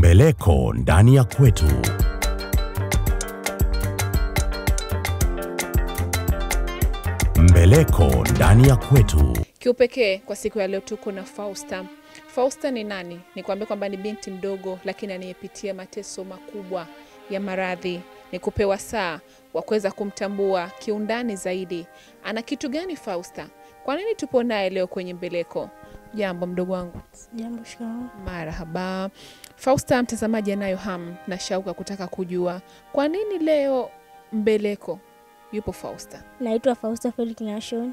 Mbeleko ndani ya kwetu. Mbeleko ndani ya kwetu. Kiupekee kwa siku ya leo tuko na Fausta. Fausta ni nani? nikuambia kwamba ni binti mdogo, lakini anayepitia mateso makubwa ya maradhi. Ni kupewa saa wa kuweza kumtambua kiundani zaidi. Ana kitu gani Fausta? Kwa nini tupo naye leo kwenye Mbeleko? Jambo mdogo wangu. Jambo shikamoo. Marhaba. Fausta, mtazamaji anayo ham na shauka kutaka kujua kwa nini leo Mbeleko yupo Fausta. Naitwa Fausta Felix Nashon,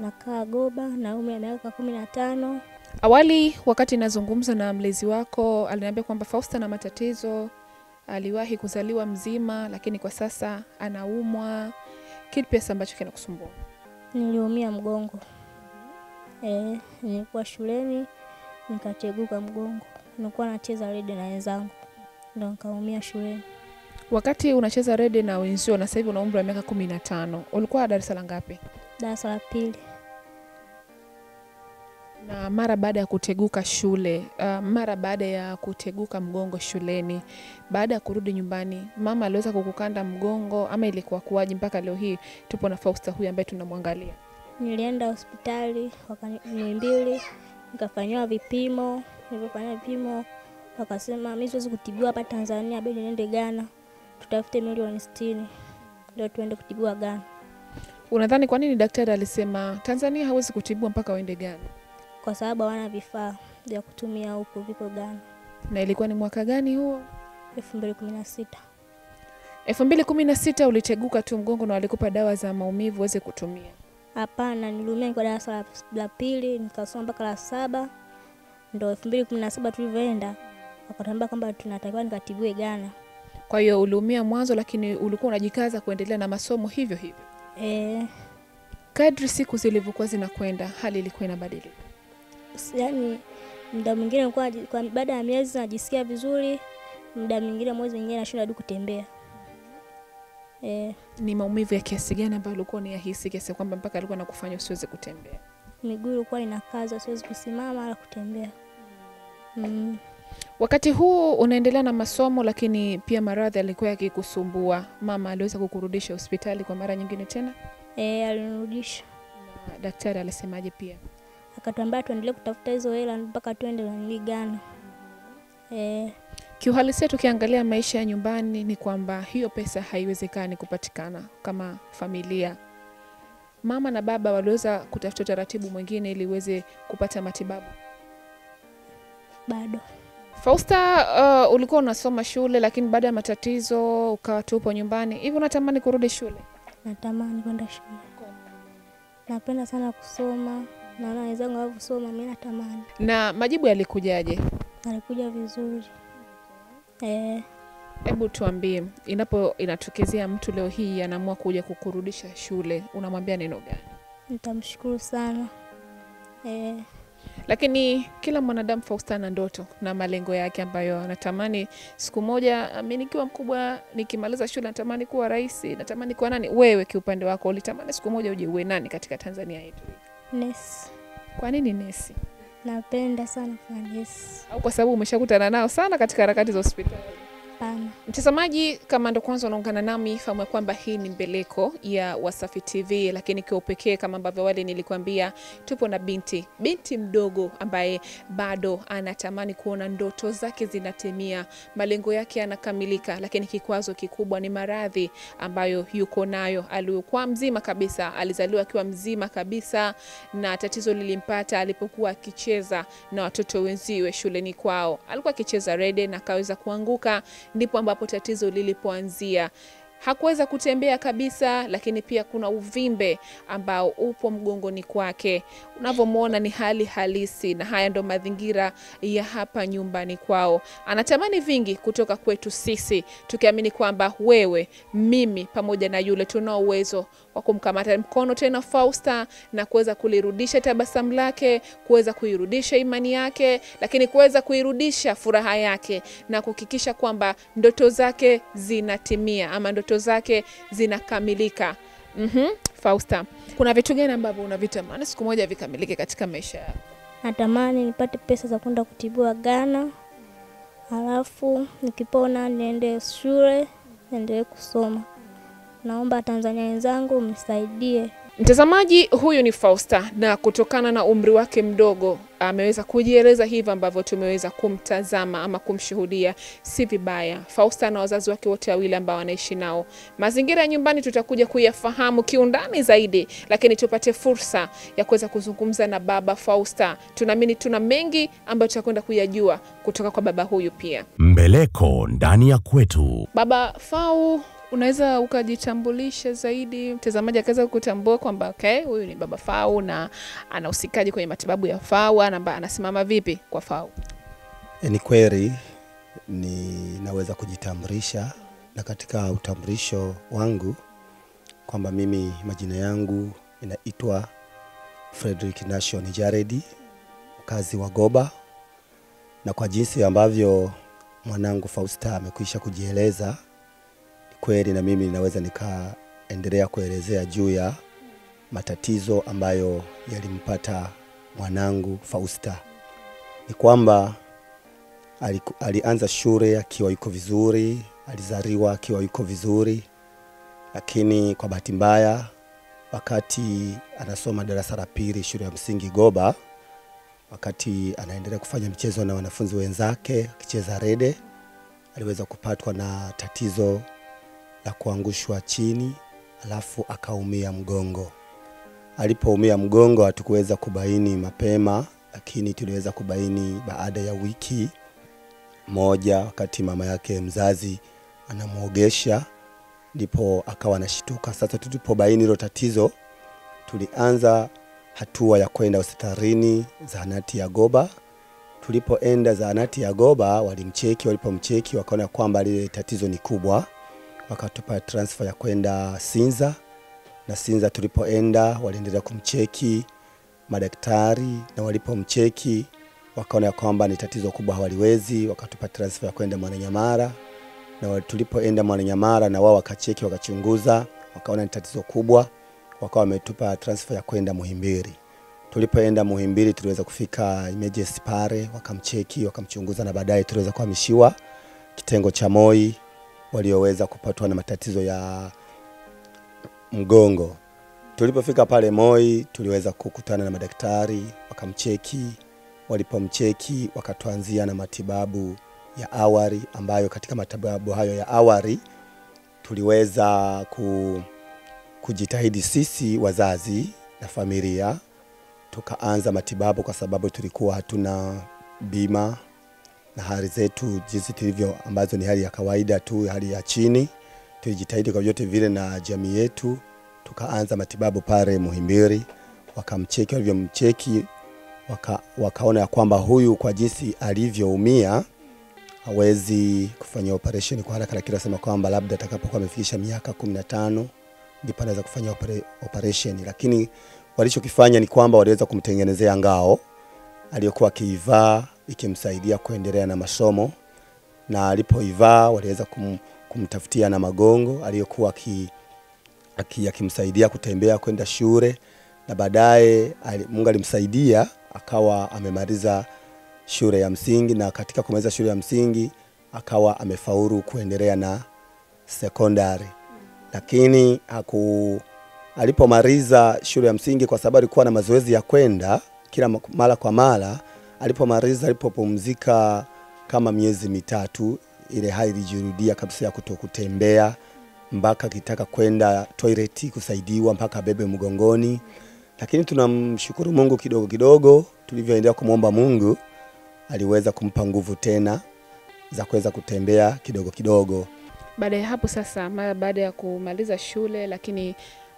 nakaa Goba na umri wa miaka kumi na tano. Awali wakati nazungumza na mlezi wako, aliniambia kwamba Fausta na matatizo, aliwahi kuzaliwa mzima, lakini kwa sasa anaumwa. kitu hasa ambacho kinakusumbua? Niliumia mgongo Eh, nilikuwa shuleni nikateguka mgongo, nilikuwa nacheza rede na wenzangu ndo nikaumia shuleni. Wakati unacheza rede na wenzio na sasa hivi una umri wa miaka kumi na tano, ulikuwa darasa la ngapi? Darasa la pili. Na mara baada ya kuteguka shule uh, mara baada ya kuteguka mgongo shuleni, baada ya kurudi nyumbani, mama aliweza kukukanda mgongo ama ilikuwa kuwaji mpaka leo hii tupo na Fausta huyu ambaye tunamwangalia? nilienda hospitali mbili nikafanyiwa vipimo. Nilipofanyiwa vipimo, wakasema mimi siwezi kutibiwa hapa Tanzania, bali niende Ghana tutafute milioni sitini ndio tuende kutibiwa Ghana. Unadhani kwa nini daktari alisema Tanzania hawezi kutibua mpaka waende Ghana? Kwa sababu hawana vifaa vya kutumia huko, viko Ghana. Na ilikuwa ni mwaka gani huo? 2016. 2016 uliteguka tu mgongo na walikupa dawa za maumivu uweze kutumia. Hapana, nilihumia kwa darasa la, la pili nikasoma mpaka la saba, ndo elfu mbili kumi na saba tulivyoenda wakatambia kwamba tunatakiwa nikatibiwe Ghana. Kwa hiyo uliumia mwanzo, lakini ulikuwa unajikaza kuendelea na masomo hivyo hivyo. E, kadri siku zilivyokuwa zinakwenda hali ilikuwa inabadilika. Yaani muda mwingine baada ya miezi najisikia vizuri, muda mwingine mwezi mwingine nashinda hadi kutembea. Eh. Ni maumivu ya kiasi gani ambayo ulikuwa unayahisi kiasi kwamba mpaka alikuwa nakufanya usiweze kutembea? Miguu ilikuwa inakaza, siwezi kusimama wala kutembea. Mm. Wakati huu unaendelea na masomo, lakini pia maradhi alikuwa yakikusumbua. Mama aliweza kukurudisha hospitali kwa mara nyingine tena? E, alinirudisha. Na daktari alisemaje pia? Akatuambia tuendelee kutafuta hizo hela mpaka tuende Mm-hmm. E. Kiuhalisia tukiangalia maisha ya nyumbani ni kwamba hiyo pesa haiwezekani kupatikana kama familia. Mama na baba waliweza kutafuta utaratibu mwingine ili uweze kupata matibabu? Bado. Fausta, uh, ulikuwa unasoma shule lakini baada ya matatizo ukawa tupo nyumbani. Hivi unatamani kurudi shule? Natamani kwenda shule. Napenda sana kusoma, naona wenzangu wanavyosoma, mimi natamani. Na majibu yalikujaje? Alikuja vizuri. Hebu eh. tuambie, inapo inatokezea mtu leo hii anaamua kuja kukurudisha shule, unamwambia neno gani? Nitamshukuru sana e. Lakini kila mwanadamu Fausta na ndoto na malengo yake ambayo anatamani siku moja, mi nikiwa mkubwa, nikimaliza shule natamani kuwa rahisi natamani kuwa nani. Wewe kiupande wako ulitamani siku moja uje uwe nani katika Tanzania yetu? Nesi. Kwa nini nesi? napenda sana Yesu. au kwa sababu umeshakutana nao sana katika harakati za hospitali? Hapana. Mtazamaji, kama ndo kwanza unaungana nami, fahamu ya kwamba hii ni mbeleko ya Wasafi TV, lakini kwa upekee kama ambavyo wale nilikuambia, tupo na binti binti mdogo ambaye bado anatamani kuona ndoto zake zinatimia, malengo yake yanakamilika, lakini kikwazo kikubwa ni maradhi ambayo yuko nayo. Aliyokuwa mzima kabisa, alizaliwa akiwa mzima kabisa, na tatizo lilimpata alipokuwa akicheza na watoto wenziwe shuleni kwao. Alikuwa akicheza rede na akaweza kuanguka ndipo ambapo tatizo lilipoanzia hakuweza kutembea kabisa, lakini pia kuna uvimbe ambao upo mgongoni kwake. Unavyomwona ni hali halisi, na haya ndo mazingira ya hapa nyumbani kwao. Anatamani vingi kutoka kwetu sisi, tukiamini kwamba wewe, mimi pamoja na yule tunao uwezo wa kumkamata mkono tena Fausta na kuweza kulirudisha tabasamu lake, kuweza kuirudisha imani yake, lakini kuweza kuirudisha furaha yake na kuhakikisha kwamba ndoto zake zinatimia ama ndoto ndoto zake zinakamilika. mm -hmm. Fausta, kuna vitu gani ambavyo unavitamani siku moja vikamilike katika maisha yako? Natamani nipate pesa za kwenda kutibiwa Ghana, halafu nikipona niende shule niendelee kusoma. Naomba Tanzania wenzangu mnisaidie. Mtazamaji, huyu ni Fausta na kutokana na umri wake mdogo ameweza kujieleza hivyo ambavyo tumeweza kumtazama ama kumshuhudia, si vibaya. Fausta na wazazi wake wote wawili ambao wanaishi nao. Mazingira ya nyumbani tutakuja kuyafahamu kiundani zaidi, lakini tupate fursa ya kuweza kuzungumza na baba Fausta. Tunaamini tuna mengi ambayo tutakwenda kuyajua kutoka kwa baba huyu pia. Mbeleko ndani ya kwetu. Baba Fau unaweza ukajitambulisha zaidi, mtazamaji akaweza kutambua kwamba okay, huyu ni baba fau na anahusikaji kwenye matibabu ya FAW, anasimama vipi kwa fau E, ni kweli ninaweza kujitambulisha na katika utambulisho wangu kwamba mimi majina yangu inaitwa Frederick Nation Jaredi, mkazi wa Goba, na kwa jinsi ambavyo mwanangu Fausta amekwisha kujieleza kweli na mimi ninaweza nikaendelea kuelezea juu ya matatizo ambayo yalimpata mwanangu Fausta. Ni kwamba alianza shule akiwa yuko vizuri, alizaliwa akiwa yuko vizuri, lakini kwa bahati mbaya wakati anasoma darasa la pili shule ya msingi Goba, wakati anaendelea kufanya mchezo na wanafunzi wenzake akicheza rede, aliweza kupatwa na tatizo la kuangushwa chini, alafu akaumia mgongo. Alipoumia mgongo hatukuweza kubaini mapema, lakini tuliweza kubaini baada ya wiki moja, wakati mama yake mzazi anamwogesha, ndipo akawa anashituka. Sasa tulipobaini hilo tatizo, tulianza hatua ya kwenda hospitalini zahanati ya Goba. Tulipoenda zahanati ya Goba, walimcheki, walipomcheki wakaona kwamba lile tatizo ni kubwa, wakatupa transfer ya kwenda Sinza, na Sinza tulipoenda waliendelea kumcheki madaktari, na walipomcheki wakaona ya kwamba ni tatizo kubwa, hawaliwezi, wakatupa transfer ya kwenda Mwananyamara, na tulipoenda Mwananyamara na wao wakacheki, wakachunguza, wakaona ni tatizo kubwa, wakawa wametupa transfer ya kwenda Muhimbili. Tulipoenda Muhimbili tuliweza kufika emergency pale, wakamcheki, wakamchunguza na baadaye tuliweza kuhamishiwa kitengo cha MOI walioweza kupatwa na matatizo ya mgongo. Tulipofika pale Moi, tuliweza kukutana na madaktari wakamcheki. Walipomcheki wakatuanzia na matibabu ya awali, ambayo katika matibabu hayo ya awali tuliweza ku, kujitahidi sisi wazazi na familia, tukaanza matibabu kwa sababu tulikuwa hatuna bima na hali zetu jinsi tulivyo, ambazo ni hali ya kawaida tu, hali ya chini. Tulijitahidi kwa vyote vile na jamii yetu, tukaanza matibabu pale Muhimbili, wakamcheki walivyomcheki waka, wakaona ya kwamba huyu kwa jinsi alivyoumia hawezi kufanya operation kwa haraka, lakini wasema kwamba labda atakapokuwa amefikisha miaka 15 ndipo anaweza kufanya operation. Lakini walichokifanya ni kwamba waliweza kumtengenezea ngao aliyokuwa akiivaa ikimsaidia kuendelea na masomo, na alipoivaa waliweza kum, kumtafutia na magongo aliyokuwa akimsaidia kutembea kwenda shule, na baadaye Mungu alimsaidia akawa amemaliza shule ya msingi, na katika kumaliza shule ya msingi akawa amefaulu kuendelea na sekondari, lakini haku alipomaliza shule ya msingi, kwa sababu alikuwa na mazoezi ya kwenda kila mara kwa mara, alipomaliza alipopumzika kama miezi mitatu, ile hali ilijirudia kabisa ya kutokutembea mpaka akitaka kwenda toilet kusaidiwa mpaka abebe mgongoni, lakini tunamshukuru Mungu kidogo kidogo, tulivyoendelea kumwomba Mungu aliweza kumpa nguvu tena za kuweza kutembea kidogo kidogo. Baada ya hapo sasa, mara baada ya kumaliza shule, lakini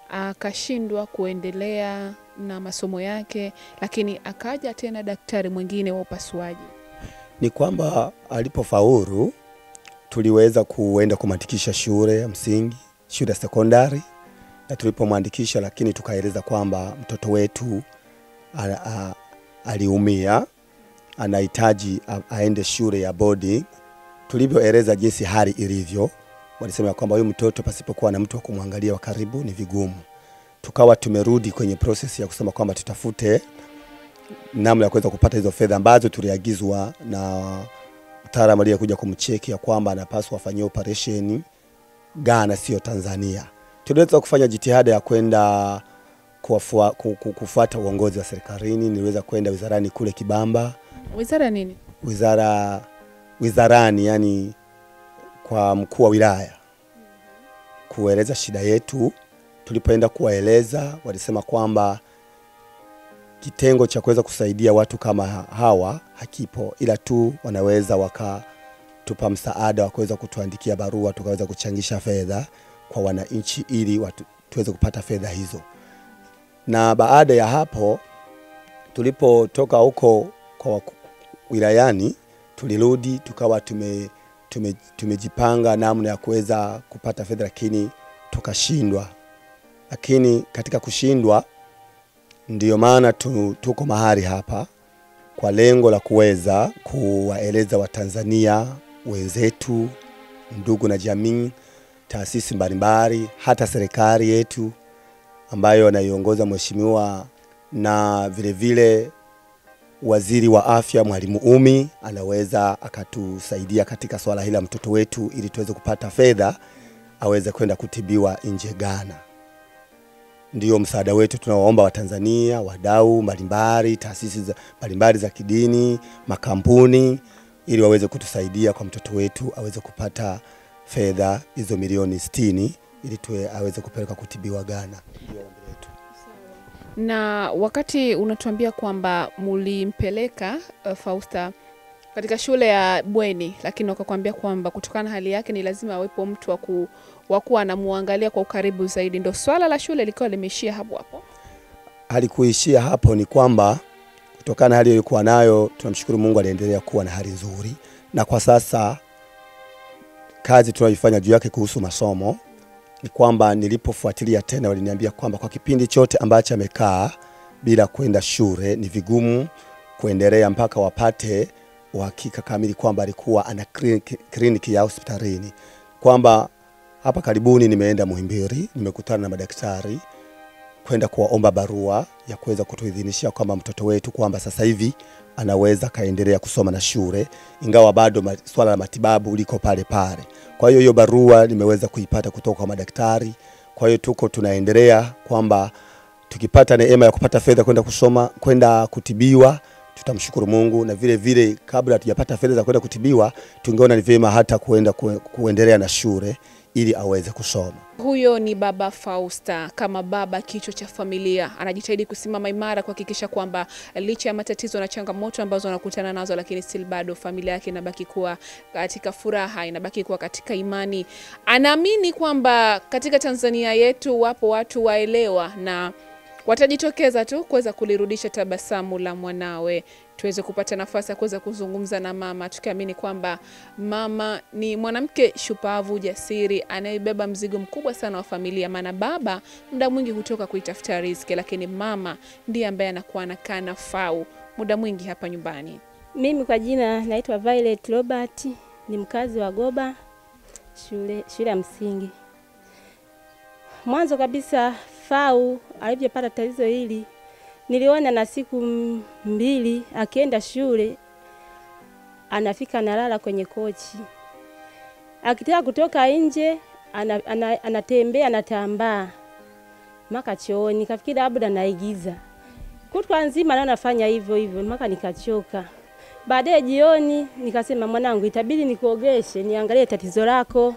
akashindwa kuendelea na masomo yake, lakini akaja tena daktari mwingine wa upasuaji. Ni kwamba alipofaulu tuliweza kuenda kumwandikisha shule ya msingi, shule ya sekondari, na tulipomwandikisha, lakini tukaeleza kwamba mtoto wetu aliumia, anahitaji aende shule ya boarding. Tulivyoeleza jinsi hali ilivyo, walisema kwamba huyu mtoto pasipokuwa na mtu wa kumwangalia wa karibu ni vigumu. Tukawa tumerudi kwenye proses ya kusema kwamba tutafute namna ya kuweza kupata hizo fedha ambazo tuliagizwa na mtaalamu aliyekuja kumcheki ya kwamba anapaswa afanyie operesheni Ghana, sio Tanzania. Tuliweza kufanya jitihada ya kwenda kufuata uongozi wa serikalini. Niliweza kwenda wizarani kule Kibamba. Wizara nini? Wizara wizarani, yani kwa mkuu wa wilaya kueleza shida yetu. Tulipoenda kuwaeleza, walisema kwamba kitengo cha kuweza kusaidia watu kama hawa hakipo, ila tu wanaweza wakatupa msaada wa kuweza kutuandikia barua tukaweza kuchangisha fedha kwa wananchi ili watu, tuweze kupata fedha hizo. Na baada ya hapo tulipotoka huko kwa wilayani, tulirudi tukawa tume tume, tumejipanga namna ya kuweza kupata fedha, lakini tukashindwa. Lakini katika kushindwa ndiyo maana tu, tuko mahali hapa kwa lengo la kuweza kuwaeleza Watanzania wenzetu, ndugu na jamii, taasisi mbalimbali, hata serikali yetu ambayo anaiongoza mheshimiwa na vilevile vile waziri wa afya Mwalimu Umi anaweza akatusaidia katika swala hili la mtoto wetu, ili tuweze kupata fedha aweze kwenda kutibiwa nje Ghana. Ndiyo msaada wetu tunawaomba Watanzania, wadau mbalimbali, taasisi mbalimbali za kidini, makampuni, ili waweze kutusaidia kwa mtoto wetu aweze kupata fedha hizo milioni sitini ili tuwe aweze kupeleka kutibiwa Ghana. Na wakati unatuambia kwamba mulimpeleka uh, Fausta katika shule ya bweni, lakini wakakwambia kwamba kutokana na hali yake ni lazima awepo mtu waku, wakuwa anamwangalia kwa ukaribu zaidi, ndo swala la shule likiwa limeishia hapo hapo? Halikuishia hapo, ni kwamba kutokana na hali iliyokuwa nayo, tunamshukuru Mungu aliendelea kuwa na hali nzuri, na kwa sasa kazi tunayoifanya juu yake kuhusu masomo ni kwamba nilipofuatilia tena waliniambia kwamba kwa kipindi chote ambacho amekaa bila kwenda shule ni vigumu kuendelea mpaka wapate uhakika kamili kwamba alikuwa ana kliniki, ya hospitalini. Kwamba hapa karibuni nimeenda Muhimbili, nimekutana na madaktari kwenda kuwaomba barua ya kuweza kutuidhinishia kwamba mtoto wetu kwamba sasa hivi anaweza akaendelea kusoma na shule, ingawa bado swala la matibabu liko pale pale. Kwa hiyo hiyo barua nimeweza kuipata kutoka kwa madaktari. Kwa hiyo tuko tunaendelea kwamba tukipata neema ya kupata fedha kwenda kusoma kwenda kutibiwa tutamshukuru Mungu, na vile vile kabla hatujapata fedha za kwenda kutibiwa, tungeona ni vyema hata kuenda kuendelea na shule ili aweze kusoma. Huyo ni Baba Fausta. Kama baba kichwa cha familia, anajitahidi kusimama imara kuhakikisha kwamba licha ya matatizo na changamoto ambazo anakutana nazo, lakini still bado familia yake inabaki kuwa katika furaha, inabaki kuwa katika imani. Anaamini kwamba katika Tanzania yetu wapo watu waelewa na watajitokeza tu kuweza kulirudisha tabasamu la mwanawe, tuweze kupata nafasi ya kuweza kuzungumza na mama, tukiamini kwamba mama ni mwanamke shupavu, jasiri, anayebeba mzigo mkubwa sana wa familia, maana baba muda mwingi hutoka kuitafuta riziki, lakini mama ndiye ambaye anakuwa anakaa fau muda mwingi hapa nyumbani. Mimi kwa jina naitwa Violet Robert, ni mkazi wa Goba shule, shule ya msingi. Mwanzo kabisa Fau alivyopata tatizo hili, niliona na siku mbili akienda shule anafika analala kwenye kochi, akitaka kutoka nje ana, ana, anatembea anatambaa maka chooni. Kafikiri labda naigiza, kutwa nzima na nafanya hivyo hivyo maka nikachoka. Baadaye jioni nikasema, mwanangu, itabidi nikuogeshe niangalie tatizo lako.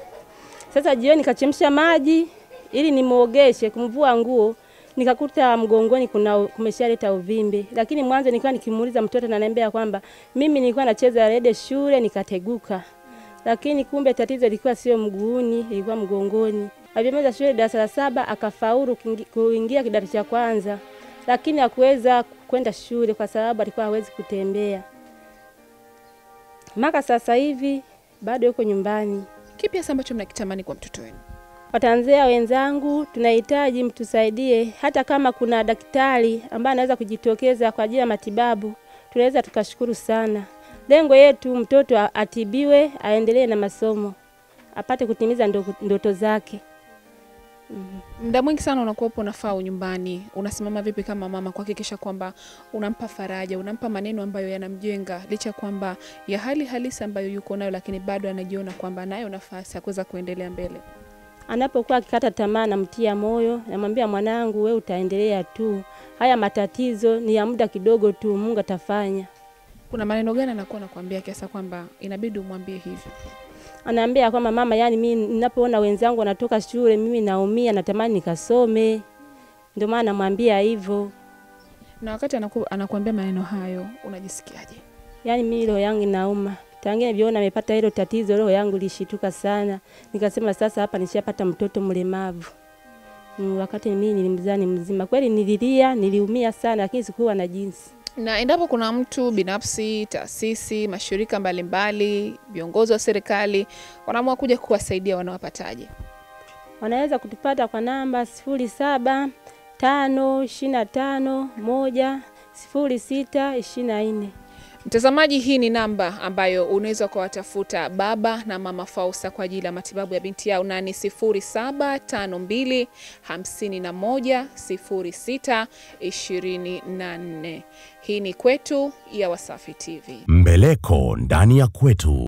Sasa jioni kachemsha maji ili nimuogeshe kumvua nguo nikakuta mgongoni kuna kumeshaleta uvimbe, lakini mwanzo nilikuwa nikimuuliza mtoto na naambia kwamba mimi nilikuwa nacheza rede shule nikateguka, lakini kumbe tatizo lilikuwa sio mguuni, ilikuwa mgongoni. Alipomaliza shule darasa la saba akafaulu kuingia kidato cha kwanza, lakini hakuweza kwenda shule kwa sababu alikuwa hawezi kutembea. Mpaka sasa hivi bado yuko nyumbani. Kipi hasa ambacho mnakitamani kwa mtoto wenu? Watanzania wenzangu, tunahitaji mtusaidie, hata kama kuna daktari ambaye anaweza kujitokeza kwa ajili ya matibabu, tunaweza tukashukuru sana. Lengo yetu mtoto atibiwe, aendelee na masomo, apate kutimiza ndoto zake. Mm-hmm. Muda mwingi sana unakuwapo nafau nyumbani, unasimama vipi kama mama kuhakikisha kwamba unampa faraja, unampa maneno ambayo yanamjenga, licha ya kwamba ya hali halisi ambayo yuko nayo, lakini bado anajiona kwamba nayo nafasi ya kuweza kuendelea mbele? Anapokuwa akikata tamaa, namtia moyo, namwambia mwanangu, we utaendelea tu, haya matatizo ni ya muda kidogo tu, Mungu atafanya. Kuna maneno gani anakuwa nakuambia kiasa kwamba inabidi umwambie hivyo? Anaambia kwamba mama, yani mimi ninapoona wenzangu wanatoka shule, mimi naumia, natamani nikasome, ndio maana namwambia hivyo. Na wakati anaku, anakuambia maneno hayo unajisikiaje? Yani mimi roho yangu inauma. Tangia niliona amepata hilo tatizo, roho yangu ilishituka sana, nikasema sasa hapa nishapata mtoto mlemavu. Mm, wakati mimi nilimzaa ni mzima kweli, nililia, niliumia sana, lakini sikuwa na jinsi na endapo kuna mtu binafsi, taasisi, mashirika mbalimbali, viongozi wa serikali wanaamua kuja kuwasaidia, wanawapataje? Wanaweza kutupata kwa namba sifuri saba tano ishirini na tano moja sifuri sita ishirini na nne. Mtazamaji, hii ni namba ambayo unaweza kuwatafuta baba na mama Fausa kwa ajili ya matibabu ya binti yao na ni 0752516624. Hii ni Kwetu ya Wasafi TV. Mbeleko ndani ya Kwetu.